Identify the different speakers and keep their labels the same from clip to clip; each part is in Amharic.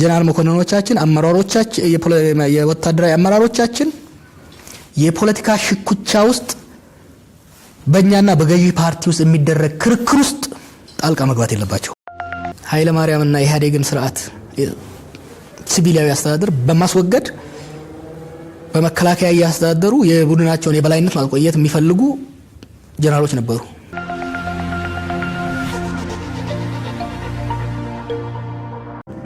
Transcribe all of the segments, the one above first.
Speaker 1: ጀነራል መኮንኖቻችን፣ አመራሮቻችን፣ የወታደራዊ አመራሮቻችን የፖለቲካ ሽኩቻ ውስጥ በእኛና በገዢ ፓርቲ ውስጥ የሚደረግ ክርክር ውስጥ ጣልቃ መግባት የለባቸው። ኃይለ ማርያምና ኢህአዴግን ስርዓት ሲቪላዊ አስተዳደር በማስወገድ በመከላከያ እያስተዳደሩ የቡድናቸውን የበላይነት ማቆየት የሚፈልጉ ጀነራሎች ነበሩ።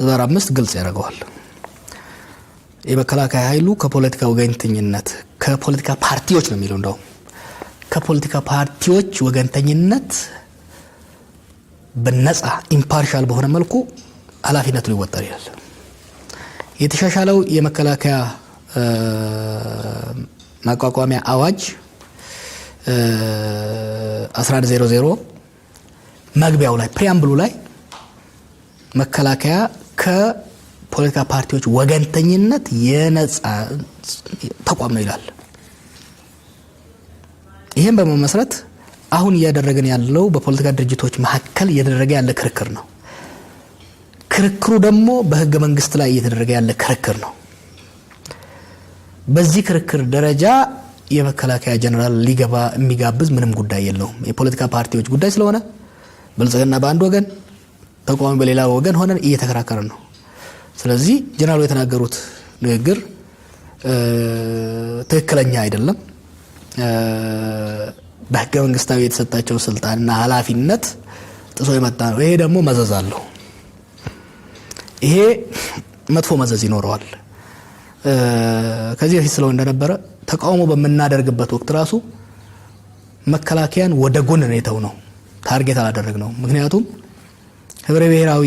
Speaker 1: ህዳር አምስት ግልጽ ያደርገዋል። የመከላከያ ኃይሉ ከፖለቲካ ወገንተኝነት ከፖለቲካ ፓርቲዎች ነው የሚለው እንደውም ከፖለቲካ ፓርቲዎች ወገንተኝነት በነጻ ኢምፓርሻል በሆነ መልኩ ኃላፊነቱን ይወጣል ይላል። የተሻሻለው የመከላከያ ማቋቋሚያ አዋጅ 1100 መግቢያው ላይ ፕሪያምብሉ ላይ መከላከያ ከፖለቲካ ፓርቲዎች ወገንተኝነት የነጻ ተቋም ነው ይላል። ይህም በመመስረት አሁን እያደረግን ያለው በፖለቲካ ድርጅቶች መካከል እየተደረገ ያለ ክርክር ነው። ክርክሩ ደግሞ በህገ መንግስት ላይ እየተደረገ ያለ ክርክር ነው። በዚህ ክርክር ደረጃ የመከላከያ ጀነራል ሊገባ የሚጋብዝ ምንም ጉዳይ የለውም። የፖለቲካ ፓርቲዎች ጉዳይ ስለሆነ ብልጽግና በአንድ ወገን ተቃዋሚ በሌላ ወገን ሆነን እየተከራከረን ነው። ስለዚህ ጀነራሉ የተናገሩት ንግግር ትክክለኛ አይደለም። በህገ መንግስታዊ የተሰጣቸው ስልጣንና ኃላፊነት ጥሶ የመጣ ነው። ይሄ ደግሞ መዘዝ አለው። ይሄ መጥፎ መዘዝ ይኖረዋል። ከዚህ በፊት ስለው እንደነበረ ተቃውሞ በምናደርግበት ወቅት ራሱ መከላከያን ወደ ጎን ነው የተው ነው ታርጌት አላደረግ ነው ምክንያቱም ህብረ ብሔራዊ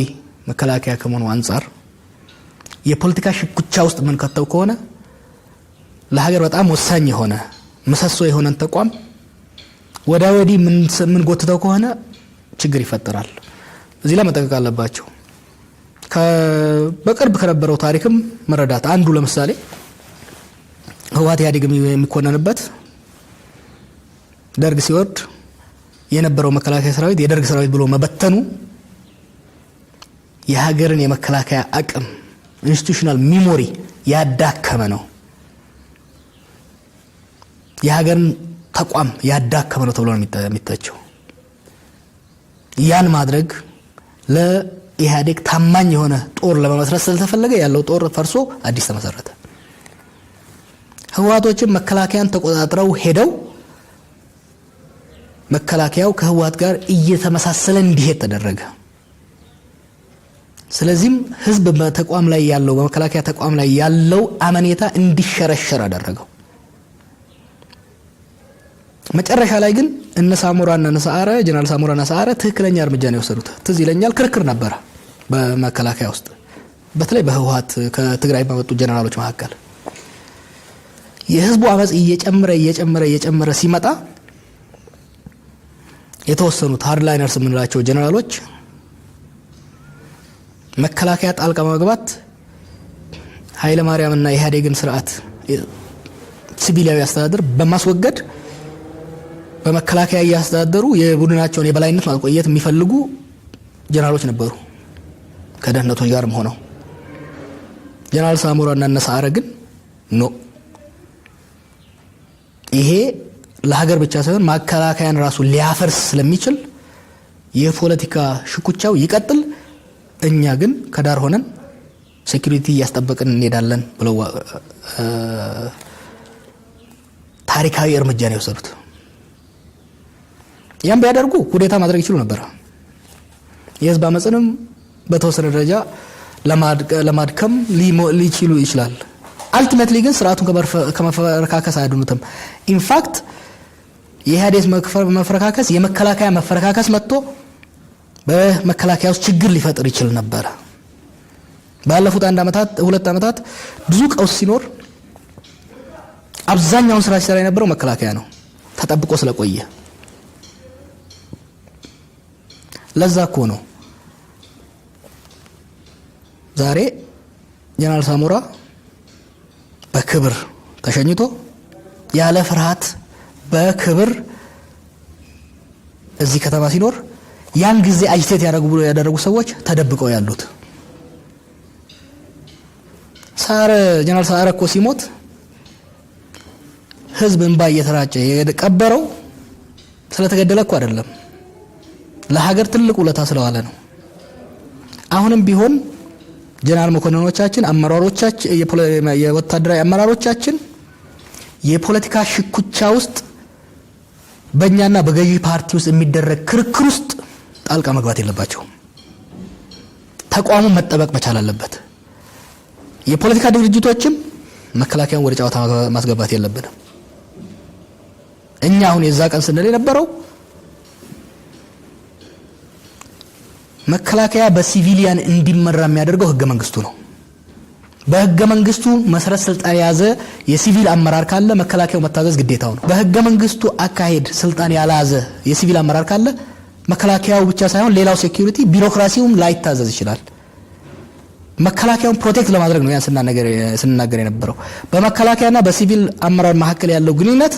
Speaker 1: መከላከያ ከመሆኑ አንጻር የፖለቲካ ሽኩቻ ውስጥ የምንከተው ከሆነ ለሀገር በጣም ወሳኝ የሆነ ምሰሶ የሆነን ተቋም ወዳ ወዲህ የምንጎትተው ከሆነ ችግር ይፈጠራል። እዚህ ላይ መጠንቀቅ አለባቸው። በቅርብ ከነበረው ታሪክም መረዳት አንዱ ለምሳሌ ህወሓት ኢህአዴግ የሚኮነንበት ደርግ ሲወርድ የነበረው መከላከያ ሰራዊት የደርግ ሰራዊት ብሎ መበተኑ የሀገርን የመከላከያ አቅም ኢንስቲቱሽናል ሚሞሪ ያዳከመ ነው። የሀገርን ተቋም ያዳከመ ነው ተብሎ ነው የሚታቸው። ያን ማድረግ ለኢህአዴግ ታማኝ የሆነ ጦር ለመመስረት ስለተፈለገ ያለው ጦር ፈርሶ አዲስ ተመሰረተ። ህወሓቶችን መከላከያን ተቆጣጥረው ሄደው መከላከያው ከህወሓት ጋር እየተመሳሰለ እንዲሄድ ተደረገ። ስለዚህም ህዝብ በተቋም ላይ ያለው በመከላከያ ተቋም ላይ ያለው አመኔታ እንዲሸረሸር አደረገው። መጨረሻ ላይ ግን እነ ሳሞራና እነ ጀነራል ሳሞራና ሰዓረ ትክክለኛ እርምጃ ነው የወሰዱት። ትዝ ይለኛል ክርክር ነበረ በመከላከያ ውስጥ በተለይ በህወሀት ከትግራይ በመጡ ጀነራሎች መካከል የህዝቡ አመፅ እየጨመረ እየጨመረ እየጨመረ ሲመጣ የተወሰኑት ሀርድላይነርስ የምንላቸው ጀነራሎች መከላከያ ጣልቃ ማግባት ኃይለ ማርያምና የኢህአዴግን ስርዓት ሲቪላዊ አስተዳደር በማስወገድ በመከላከያ እያስተዳደሩ የቡድናቸውን የበላይነት ማቆየት የሚፈልጉ ጀነራሎች ነበሩ። ከደህንነቶች ጋርም ሆነው ጀነራል ሳሞራና እና ሰዓረ አረግን ኖ ይሄ ለሀገር ብቻ ሳይሆን መከላከያን ራሱ ሊያፈርስ ስለሚችል የፖለቲካ ሽኩቻው ይቀጥል። እኛ ግን ከዳር ሆነን ሴኩሪቲ እያስጠበቅን እንሄዳለን ብለው ታሪካዊ እርምጃ ነው የወሰዱት። ያም ቢያደርጉ ሁዴታ ማድረግ ይችሉ ነበር። የህዝብ አመፅንም በተወሰነ ደረጃ ለማድከም ሊችሉ ይችላል። አልቲሜትሊ ግን ስርዓቱን ከመፈረካከስ አያድኑትም። ኢንፋክት የኢህአዴግ መፈረካከስ የመከላከያ መፈረካከስ መጥቶ በመከላከያ ውስጥ ችግር ሊፈጥር ይችል ነበረ። ባለፉት አንድ አመታት ሁለት አመታት ብዙ ቀውስ ሲኖር አብዛኛውን ስራ ሲሰራ የነበረው መከላከያ ነው፣ ተጠብቆ ስለቆየ። ለዛ እኮ ነው ዛሬ ጀነራል ሳሞራ በክብር ተሸኝቶ ያለ ፍርሃት በክብር እዚህ ከተማ ሲኖር ያን ጊዜ አጅቴት ያደረጉ ብሎ ያደረጉ ሰዎች ተደብቀው ያሉት ሳረ ጀነራል ሳረ እኮ ሲሞት ህዝብ እንባ እየተራጨ የቀበረው ስለተገደለ እኮ አይደለም፣ ለሀገር ትልቅ ውለታ ስለዋለ ነው። አሁንም ቢሆን ጀነራል መኮንኖቻችን፣ አመራሮቻችን፣ የወታደራዊ አመራሮቻችን የፖለቲካ ሽኩቻ ውስጥ በእኛና በገዢ ፓርቲ ውስጥ የሚደረግ ክርክር ውስጥ ጣልቃ መግባት የለባቸው ተቋሙ መጠበቅ መቻል አለበት። የፖለቲካ ድርጅቶችም መከላከያን ወደ ጨዋታ ማስገባት የለብንም። እኛ አሁን የዛ ቀን ስንል የነበረው መከላከያ በሲቪሊያን እንዲመራ የሚያደርገው ህገ መንግስቱ ነው። በህገ መንግስቱ መሰረት ስልጣን የያዘ የሲቪል አመራር ካለ መከላከያው መታዘዝ ግዴታው ነው። በህገ መንግስቱ አካሄድ ስልጣን ያልያዘ የሲቪል አመራር ካለ መከላከያው ብቻ ሳይሆን ሌላው ሴኩሪቲ ቢሮክራሲውም ላይታዘዝ ይችላል። መከላከያውን ፕሮቴክት ለማድረግ ነው ያን ስንናገር የነበረው። በመከላከያና በሲቪል አመራር መካከል ያለው ግንኙነት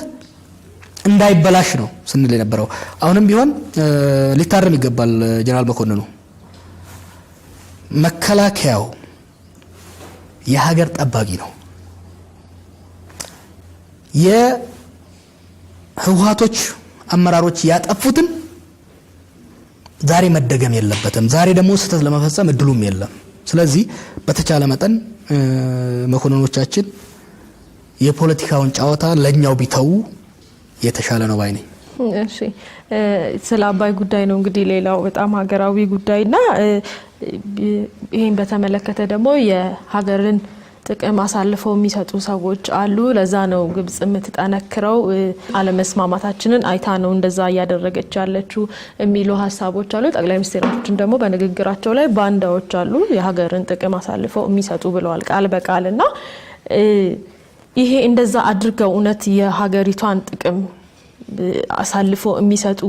Speaker 1: እንዳይበላሽ ነው ስንል የነበረው። አሁንም ቢሆን ሊታረም ይገባል። ጀነራል መኮንኑ መከላከያው የሀገር ጠባቂ ነው። የህወሀቶች አመራሮች ያጠፉትን ዛሬ መደገም የለበትም። ዛሬ ደግሞ ስህተት ለመፈጸም እድሉም የለም። ስለዚህ በተቻለ መጠን መኮንኖቻችን የፖለቲካውን ጨዋታ ለእኛው ቢተዉ የተሻለ ነው ባይኔ።
Speaker 2: እሺ ስለ አባይ ጉዳይ ነው እንግዲህ ሌላው በጣም ሀገራዊ ጉዳይና ይህን በተመለከተ ደግሞ የሀገርን ጥቅም አሳልፈው የሚሰጡ ሰዎች አሉ። ለዛ ነው ግብጽ የምትጠነክረው። አለመስማማታችንን አይታ ነው እንደዛ እያደረገች ያለችው የሚሉ ሀሳቦች አሉ። ጠቅላይ ሚኒስትራችን ደግሞ በንግግራቸው ላይ ባንዳዎች አሉ የሀገርን ጥቅም አሳልፈው የሚሰጡ ብለዋል ቃል በቃል እና ይሄ እንደዛ አድርገው እውነት የሀገሪቷን ጥቅም አሳልፈው የሚሰጡ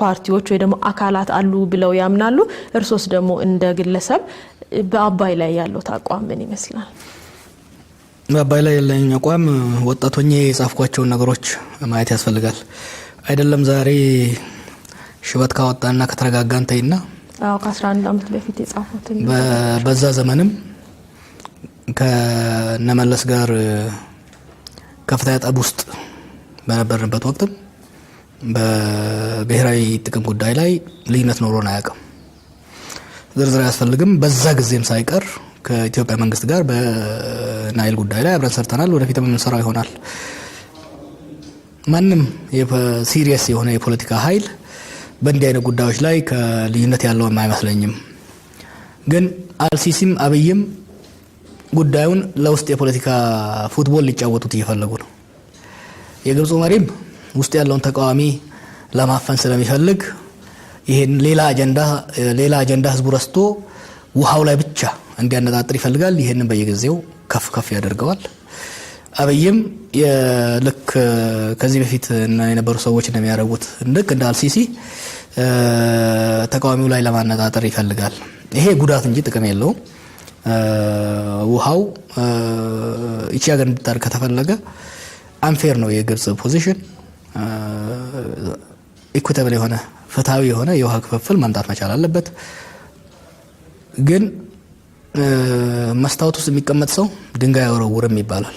Speaker 2: ፓርቲዎች ወይ ደግሞ አካላት አሉ ብለው ያምናሉ። እርሶስ ደግሞ እንደ ግለሰብ በአባይ ላይ ያለው አቋም ምን ይመስላል?
Speaker 1: በአባይ ላይ ያለኝ አቋም ወጣቶኜ የጻፍኳቸውን ነገሮች ማየት ያስፈልጋል። አይደለም ዛሬ ሽበት ካወጣና ከተረጋጋን ተይና
Speaker 2: በፊት የጻፉትን
Speaker 1: በዛ ዘመንም ከነመለስ ጋር ከፍተኛ ጠብ ውስጥ በነበርንበት ወቅትም በብሔራዊ ጥቅም ጉዳይ ላይ ልዩነት ኖሮን አያውቅም። ዝርዝር አያስፈልግም። በዛ ጊዜም ሳይቀር ከኢትዮጵያ መንግስት ጋር በናይል ጉዳይ ላይ አብረን ሰርተናል። ወደፊት የምንሰራው ይሆናል። ማንም ሲሪየስ የሆነ የፖለቲካ ኃይል በእንዲህ አይነት ጉዳዮች ላይ ከልዩነት ያለውም አይመስለኝም። ግን አልሲሲም አብይም ጉዳዩን ለውስጥ የፖለቲካ ፉትቦል ሊጫወቱት እየፈለጉ ነው። የግብፁ መሪም ውስጥ ያለውን ተቃዋሚ ለማፈን ስለሚፈልግ ይሄን ሌላ አጀንዳ ሌላ አጀንዳ ህዝቡ ረስቶ ውሃው ላይ ብቻ እንዲያነጣጥር ይፈልጋል። ይህንን በየጊዜው ከፍ ከፍ ያደርገዋል። አብይም ልክ ከዚህ በፊት የነበሩ ሰዎች እንደሚያደርጉት ልክ እንደ አልሲሲ ተቃዋሚው ላይ ለማነጣጠር ይፈልጋል። ይሄ ጉዳት እንጂ ጥቅም የለውም። ውሃው ይቺ ሀገር እንድታር ከተፈለገ አንፌር ነው የግብጽ ፖዚሽን። ኢኩተብል የሆነ ፍትሐዊ የሆነ የውሃ ክፍፍል ማምጣት መቻል አለበት። ግን መስታወት ውስጥ የሚቀመጥ ሰው ድንጋይ አይወረውርም ይባላል።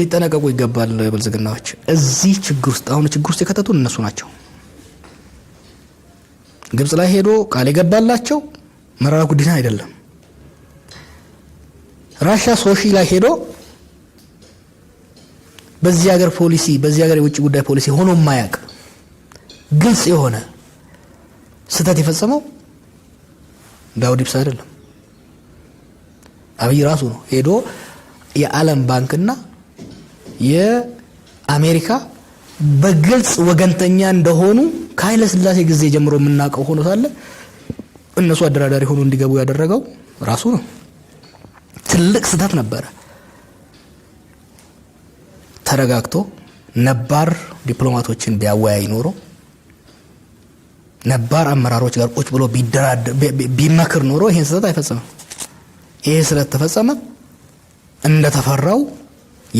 Speaker 1: ሊጠነቀቁ ይገባል። ብልጽግናዎች እዚህ ችግር ውስጥ አሁን ችግር ውስጥ የከተቱ እነሱ ናቸው። ግብጽ ላይ ሄዶ ቃል የገባላቸው መረራ ጉዲና አይደለም። ራሻ ሶሺ ላይ ሄዶ በዚህ ሀገር ፖሊሲ በዚህ ሀገር የውጭ ጉዳይ ፖሊሲ ሆኖ የማያውቅ ግልጽ የሆነ ስህተት የፈጸመው ዳውድ ኢብሳ አይደለም፣ አብይ ራሱ ነው ሄዶ የዓለም ባንክና የአሜሪካ በግልጽ ወገንተኛ እንደሆኑ ከኃይለ ስላሴ ጊዜ ጀምሮ የምናውቀው ሆኖ ሳለ እነሱ አደራዳሪ ሆኖ እንዲገቡ ያደረገው ራሱ ነው። ትልቅ ስህተት ነበረ። ተረጋግቶ ነባር ዲፕሎማቶችን ቢያወያይ ኖሮ ነባር አመራሮች ጋር ቁጭ ብሎ ቢመክር ኖሮ ይህን ስህተት አይፈጸምም። ይህ ስለተፈጸመ እንደተፈራው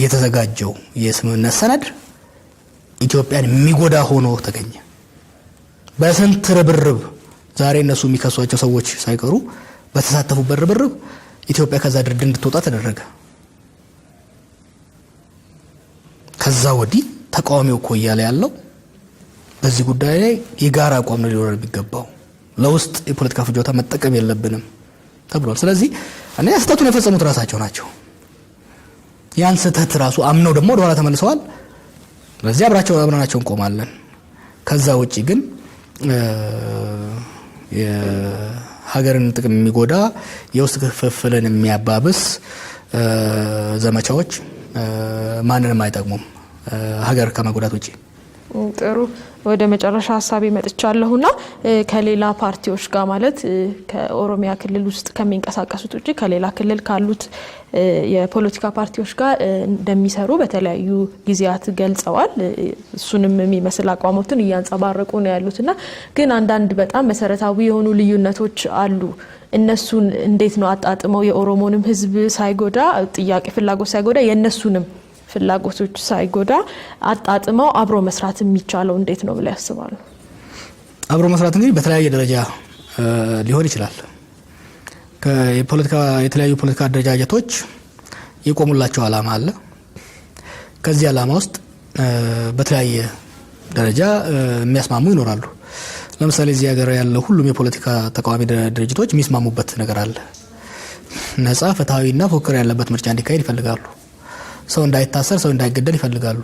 Speaker 1: የተዘጋጀው የስምምነት ሰነድ ኢትዮጵያን የሚጎዳ ሆኖ ተገኘ። በስንት ርብርብ ዛሬ እነሱ የሚከሷቸው ሰዎች ሳይቀሩ በተሳተፉበት ርብርብ ኢትዮጵያ ከዛ ድርድር እንድትወጣ ተደረገ። ከዛ ወዲህ ተቃዋሚው እኮ እያለ ያለው በዚህ ጉዳይ ላይ የጋራ አቋም ነው ሊኖረን የሚገባው፣ ለውስጥ የፖለቲካ ፍጆታ መጠቀም የለብንም ተብሏል። ስለዚህ እነዚያ ስህተቱን የፈጸሙት ራሳቸው ናቸው። ያን ስህተት ራሱ አምነው ደግሞ ወደኋላ ተመልሰዋል። በዚህ አብራቸው አብረናቸው እንቆማለን። ከዛ ውጭ ግን የሀገርን ጥቅም የሚጎዳ የውስጥ ክፍፍልን የሚያባብስ ዘመቻዎች ማንንም አይጠቅሙም ሀገር ከመጉዳት ውጭ
Speaker 2: ጥሩ ወደ መጨረሻ ሀሳቤ መጥቻለሁና ከሌላ ፓርቲዎች ጋር ማለት ከኦሮሚያ ክልል ውስጥ ከሚንቀሳቀሱት ውጭ ከሌላ ክልል ካሉት የፖለቲካ ፓርቲዎች ጋር እንደሚሰሩ በተለያዩ ጊዜያት ገልጸዋል። እሱንም የሚመስል አቋሞትን እያንጸባረቁ ነው ያሉትና ግን አንዳንድ በጣም መሰረታዊ የሆኑ ልዩነቶች አሉ። እነሱን እንዴት ነው አጣጥመው የኦሮሞንም ህዝብ ሳይጎዳ ጥያቄ ፍላጎት ሳይጎዳ የእነሱንም ፍላጎቶች ሳይጎዳ አጣጥመው አብሮ መስራት የሚቻለው እንዴት ነው ብለው ያስባሉ?
Speaker 1: አብሮ መስራት እንግዲህ በተለያየ ደረጃ ሊሆን ይችላል። የተለያዩ ፖለቲካ አደረጃጀቶች የቆሙላቸው አላማ አለ። ከዚህ አላማ ውስጥ በተለያየ ደረጃ የሚያስማሙ ይኖራሉ። ለምሳሌ እዚህ ሀገር ያለው ሁሉም የፖለቲካ ተቃዋሚ ድርጅቶች የሚስማሙበት ነገር አለ። ነጻ ፍትሐዊና ፉክክር ያለበት ምርጫ እንዲካሄድ ይፈልጋሉ። ሰው እንዳይታሰር፣ ሰው እንዳይገደል ይፈልጋሉ።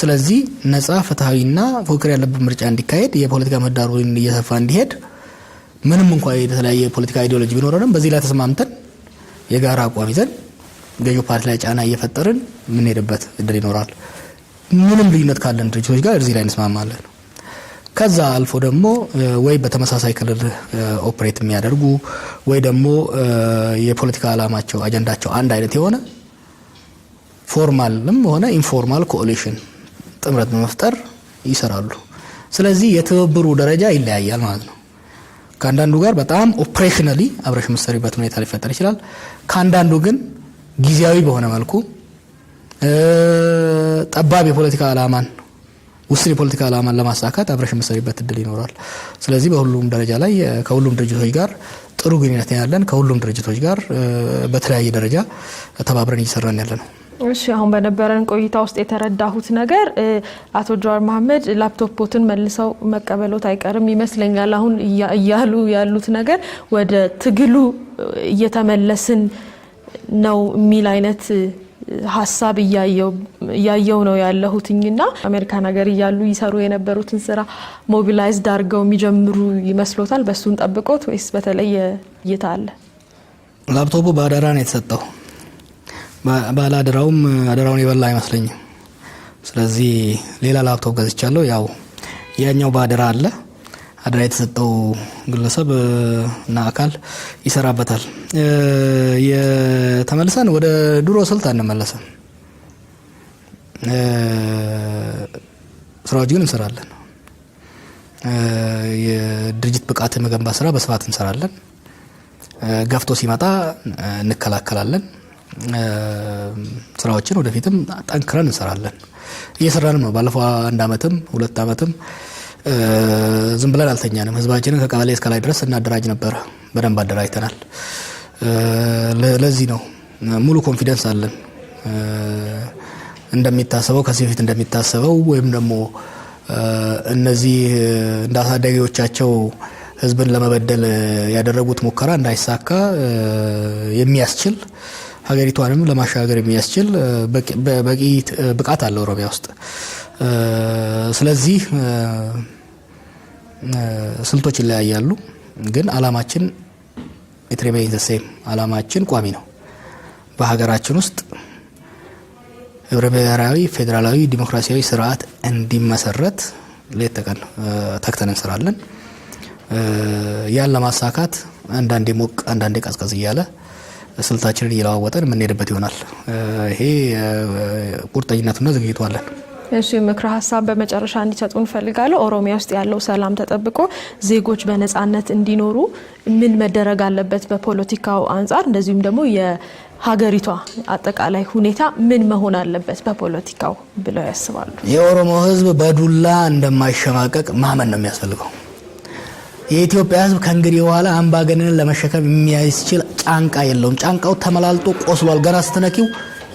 Speaker 1: ስለዚህ ነጻ ፍትሐዊና ፉክክር ያለበት ምርጫ እንዲካሄድ የፖለቲካ ምህዳሩን እየሰፋ እንዲሄድ ምንም እንኳ የተለያየ የፖለቲካ አይዲዮሎጂ ቢኖረንም በዚህ ላይ ተስማምተን የጋራ አቋም ይዘን ገዢ ፓርቲ ላይ ጫና እየፈጠርን የምንሄድበት እድል ይኖራል። ምንም ልዩነት ካለን ድርጅቶች ጋር እዚህ ላይ እንስማማለን። ከዛ አልፎ ደግሞ ወይ በተመሳሳይ ክልል ኦፕሬት የሚያደርጉ ወይ ደግሞ የፖለቲካ አላማቸው አጀንዳቸው አንድ አይነት የሆነ ፎርማልም ሆነ ኢንፎርማል ኮኦሊሽን ጥምረት በመፍጠር ይሰራሉ። ስለዚህ የትብብሩ ደረጃ ይለያያል ማለት ነው። ከአንዳንዱ ጋር በጣም ኦፕሬሽናሊ አብረሽ የምትሰሪበት ሁኔታ ሊፈጠር ይችላል። ከአንዳንዱ ግን ጊዜያዊ በሆነ መልኩ ጠባብ የፖለቲካ ዓላማን ውስን የፖለቲካ ዓላማን ለማሳካት አብረሽ የምትሰሪበት እድል ይኖራል። ስለዚህ በሁሉም ደረጃ ላይ ከሁሉም ድርጅቶች ጋር ጥሩ ግንኙነት ያለን ከሁሉም ድርጅቶች ጋር በተለያየ ደረጃ ተባብረን እየሰራን ያለ ነው።
Speaker 2: እሺ አሁን በነበረን ቆይታ ውስጥ የተረዳሁት ነገር አቶ ጀዋር መሀመድ ላፕቶፖትን መልሰው መቀበሎት አይቀርም ይመስለኛል። አሁን እያሉ ያሉት ነገር ወደ ትግሉ እየተመለስን ነው የሚል አይነት ሀሳብ እያየው ነው ያለሁትኝና አሜሪካን ሀገር እያሉ ይሰሩ የነበሩትን ስራ ሞቢላይዝድ አድርገው የሚጀምሩ ይመስሎታል? በእሱን ጠብቆት ወይስ በተለየ እይታ አለ?
Speaker 1: ላፕቶፑ በአደራ ነው የተሰጠው። ባለ አደራውም አደራውን የበላ አይመስለኝም። ስለዚህ ሌላ ላፕቶፕ ገዝቻለሁ። ያው ያኛው በአደራ አለ አደራ የተሰጠው ግለሰብ እና አካል ይሰራበታል። የተመልሰን ወደ ድሮ ስልት አንመለስም። ስራዎች ግን እንሰራለን። የድርጅት ብቃት የመገንባት ስራ በስፋት እንሰራለን። ገፍቶ ሲመጣ እንከላከላለን። ስራዎችን ወደፊትም ጠንክረን እንሰራለን። እየሰራንም ነው። ባለፈው አንድ አመትም ሁለት አመትም ዝም ብለን አልተኛንም። ህዝባችንን ከቀበሌ እስከ ላይ ድረስ እናደራጅ ነበረ። በደንብ አደራጅተናል። ለዚህ ነው ሙሉ ኮንፊደንስ አለን። እንደሚታሰበው ከዚህ በፊት እንደሚታሰበው ወይም ደግሞ እነዚህ እንዳሳደጊዎቻቸው ህዝብን ለመበደል ያደረጉት ሙከራ እንዳይሳካ የሚያስችል ሀገሪቷንም ለማሻገር የሚያስችል በቂ ብቃት አለ ኦሮሚያ ውስጥ። ስለዚህ ስልቶች ይለያያሉ፣ ግን አላማችን ኢት ዘሴም አላማችን ቋሚ ነው። በሀገራችን ውስጥ ህብረ ብሔራዊ ፌዴራላዊ ዲሞክራሲያዊ ስርዓት እንዲመሰረት ሌት ተቀን ተክተን እንሰራለን። ያን ለማሳካት አንዳንዴ ሞቅ አንዳንዴ ቀዝቀዝ እያለ ስልታችንን እየለዋወጠን የምንሄድበት ይሆናል። ይሄ ቁርጠኝነቱና ዝግጅቱ አለን።
Speaker 2: እሺ ምክረ ሀሳብ በመጨረሻ እንዲሰጡ እንፈልጋለሁ። ኦሮሚያ ውስጥ ያለው ሰላም ተጠብቆ ዜጎች በነጻነት እንዲኖሩ ምን መደረግ አለበት? በፖለቲካው አንጻር እንደዚሁም ደግሞ የሀገሪቷ አጠቃላይ ሁኔታ ምን መሆን አለበት በፖለቲካው ብለው ያስባሉ?
Speaker 1: የኦሮሞ ህዝብ በዱላ እንደማይሸማቀቅ ማመን ነው የሚያስፈልገው። የኢትዮጵያ ህዝብ ከእንግዲህ በኋላ አምባገነንን ለመሸከም የሚያስችል ጫንቃ የለውም። ጫንቃው ተመላልጦ ቆስሏል። ገና ስትነኪው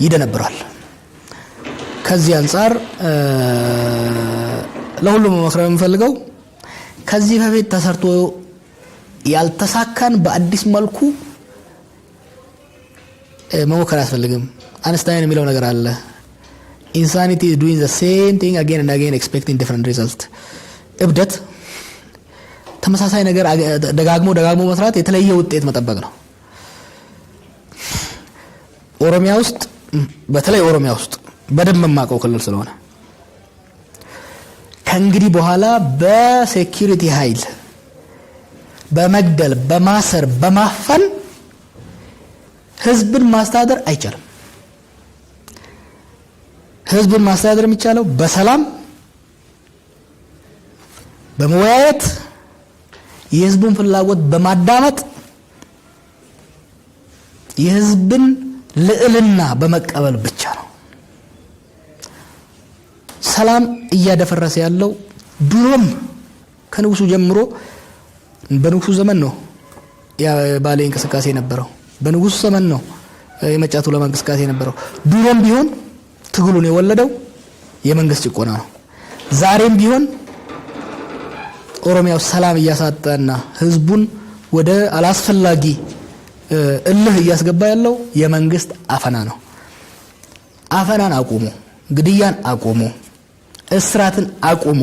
Speaker 1: ይደነብራል። ከዚህ አንጻር ለሁሉም መመክረ የምፈልገው ከዚህ በፊት ተሰርቶ ያልተሳካን በአዲስ መልኩ መሞከር አያስፈልግም። አንስታይን የሚለው ነገር አለ። ኢንሳኒቲ ኢዝ ዱዊንግ ዘ ሴም ቲንግ አጌን ኤንድ አጌን ኤክስፔክቲንግ ዲፍረንት ሪዘልት። እብደት ተመሳሳይ ነገር ደጋግሞ ደጋግሞ መስራት የተለየ ውጤት መጠበቅ ነው። ኦሮሚያ ውስጥ በተለይ ኦሮሚያ ውስጥ በደንብ የማውቀው ክልል ስለሆነ ከእንግዲህ በኋላ በሴኪሪቲ ኃይል በመግደል በማሰር በማፈን ህዝብን ማስተዳደር አይቻልም። ህዝብን ማስተዳደር የሚቻለው በሰላም በመወያየት የህዝቡን ፍላጎት በማዳመጥ የህዝብን ልዕልና በመቀበል ብቻ ነው። ሰላም እያደፈረሰ ያለው ድሮም ከንጉሱ ጀምሮ በንጉሱ ዘመን ነው የባሌ እንቅስቃሴ የነበረው። በንጉሱ ዘመን ነው የመጫቱ ለማ እንቅስቃሴ የነበረው። ድሮም ቢሆን ትግሉን የወለደው የመንግስት ጭቆና ነው። ዛሬም ቢሆን ኦሮሚያው ሰላም እያሳጣና ህዝቡን ወደ አላስፈላጊ እልህ እያስገባ ያለው የመንግስት አፈና ነው። አፈናን አቁሙ፣ ግድያን አቁሙ። እስራትን አቁሙ።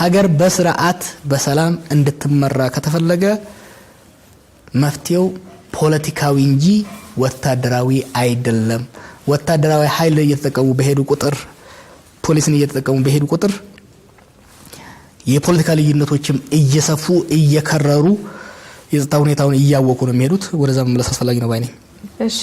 Speaker 1: ሀገር በስርዓት በሰላም እንድትመራ ከተፈለገ መፍትሄው ፖለቲካዊ እንጂ ወታደራዊ አይደለም። ወታደራዊ ኃይል እየተጠቀሙ በሄዱ ቁጥር፣ ፖሊስን እየተጠቀሙ በሄዱ ቁጥር የፖለቲካ ልዩነቶችም እየሰፉ እየከረሩ የጸጥታ ሁኔታውን እያወቁ ነው የሚሄዱት። ወደዛ መመለስ አስፈላጊ ነው ባይ ነኝ።